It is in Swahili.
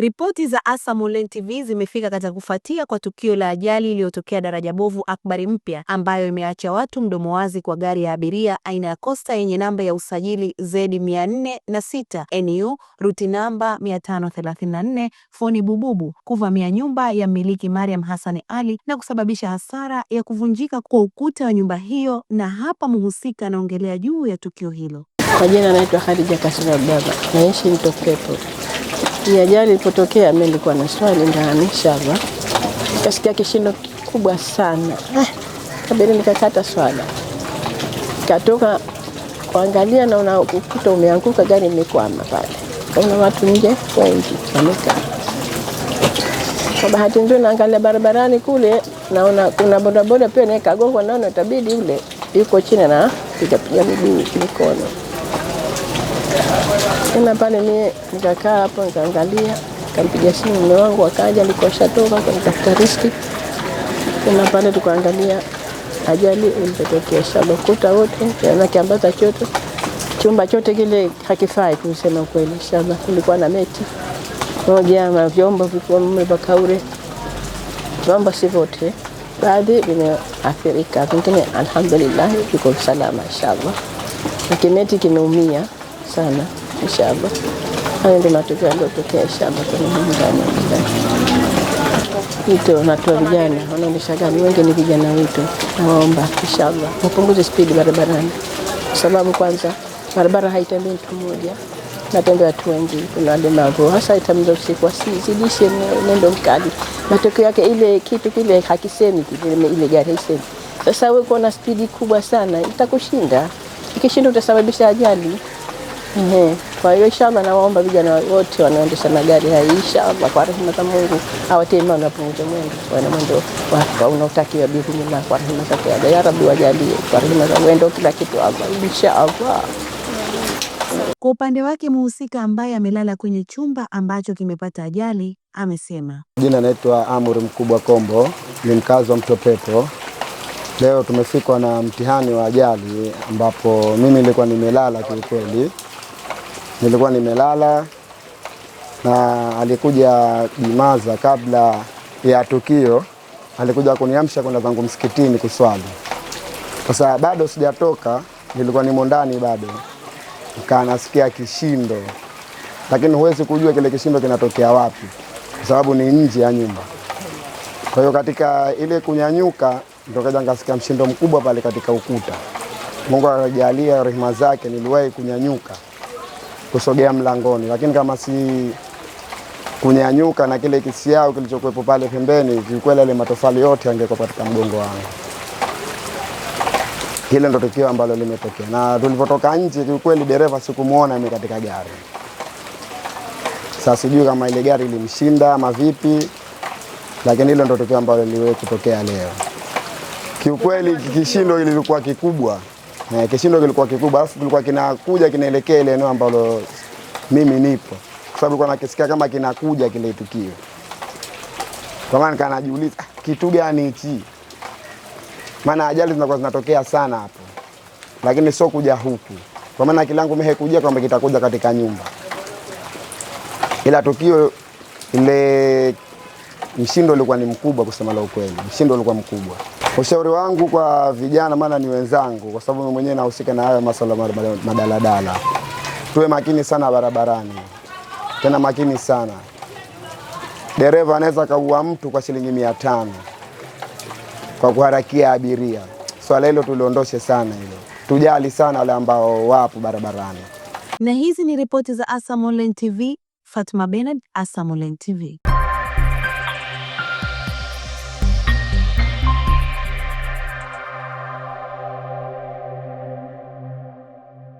Ripoti za Asam Online TV zimefika katika kufuatia kwa tukio la ajali iliyotokea daraja bovu Akbari Mpya, ambayo imeacha watu mdomo wazi kwa gari ya abiria aina ya Kosta yenye namba ya usajili Z406 NU ruti namba 534 Foni Bububu kuvamia nyumba ya mmiliki Mariam Hassan Ali na kusababisha hasara ya kuvunjika kwa ukuta wa nyumba hiyo, na hapa mhusika anaongelea juu ya tukio hilo. Kwa jina anaitwa Khadija Kasura Baba, naishi Mtokepo. Wakati ajali ilipotokea, mimi nilikuwa na swali ndani shaba, kasikia kishindo kikubwa sana eh, kabili nikakata swala, katoka kuangalia, naona ukuta umeanguka, gari imekwama pale, kaona watu nje wengi wamekaa. Kwa bahati nzuri, naangalia barabarani kule, naona kuna bodaboda pia naye naona itabidi ule yuko chini na pigapiga miguu mikono tena pale. Mie nikakaa hapo nikaangalia, nikampiga simu mume wangu akaja, alikuwa shatoka kanitafuta riski. Tena pale tukaangalia ajali ilipotokea shalokuta wote na kiambata chote chumba chote kile hakifai, kusema kweli shaba. Kulikuwa na meti moja na vyombo vilikuwa mmepakaure vyombo, si vote, baadhi vimeathirika, vingine alhamdulillah viko salama inshallah, lakini meti kimeumia sana. Inshallah, hayo ndio matokeo yaliyotokea. Inshallah, wito natoa vijana wanaendesha gari wengi ni vijana, wito nawaomba inshallah mpunguze spidi barabarani, kwa sababu kwanza barabara haitembei mtu mmoja, natembea watu wengi, kuna walemavu. Hasa itamza usiku, asizidishe mwendo mkali. Matokeo yake ile kitu kile hakisemi kile, ile gari haisemi. Sasa wewe uko na spidi kubwa sana, itakushinda, ikishinda utasababisha ajali. Mhm. Kwa hiyo inshallah nawaomba vijana wote wanaoendesha magari haya inshallah kwa rehema za Mungu awatie imani na mwendo wana mwendo wako unaotakiwa bibi kwa rehema za Allah. Ya Rabbi wajalie kwa rehema za mwendo kila kitu Allah inshallah. Kwa upande wake mhusika ambaye amelala kwenye chumba ambacho kimepata ajali amesema, jina naitwa Amuri Mkubwa Kombo, ni mkazi wa Mtopepo. Leo tumefikwa na mtihani wa ajali ambapo mimi nilikuwa nimelala kiukweli nilikuwa nimelala na alikuja Jimaza kabla ya tukio, alikuja kuniamsha kwenda zangu msikitini kuswali. Sasa bado sijatoka, nilikuwa nimo ndani bado, nikaa nasikia kishindo, lakini huwezi kujua kile kishindo kinatokea wapi, kwa sababu ni nje ya nyumba. Kwa hiyo katika ile kunyanyuka, ndo kaja nikasikia mshindo mkubwa pale katika ukuta. Mungu akajalia rehema zake, niliwahi kunyanyuka kusogea mlangoni, lakini kama si kunyanyuka na kile kisiao kilichokuwepo pale pembeni, kiukweli ile matofali yote angekuwa katika mgongo wangu. Hilo ndo tukio ambalo limetokea, na tulipotoka nje, kiukweli dereva sikumuona mimi katika gari. Sasa sijui kama ile gari ilimshinda ama vipi, lakini hilo ndo tukio ambalo liliwe kutokea leo. Kiukweli kishindo ilikuwa kikubwa. Eh, kishindo kilikuwa kikubwa, alafu kilikuwa kinakuja kinaelekea ile eneo ambalo mimi nipo, kwa sababu nilikuwa nakisikia kama kinakuja kile tukio. Kwa maana nikaa najiuliza ah, kitu gani hichi, maana ajali zinakuwa zinatokea sana hapo, lakini sio kuja huku. Kwa maana kilangu mehekujia kwamba kitakuja katika nyumba, ila tukio ile mshindo ulikuwa ni mkubwa, kusema la ukweli, mshindo ulikuwa mkubwa. Ushauri wangu kwa vijana, maana ni wenzangu, kwa sababu mimi mwenyewe nahusika na haya masuala madaladala, tuwe makini sana barabarani, tena makini sana. Dereva anaweza kaua mtu kwa shilingi mia tano kwa kuharakia abiria. Swala hilo tuliondoshe sana hilo, tujali sana wale ambao wapo barabarani. Na hizi ni ripoti za ASAM Online TV. Fatma Bernard, ASAM Online TV.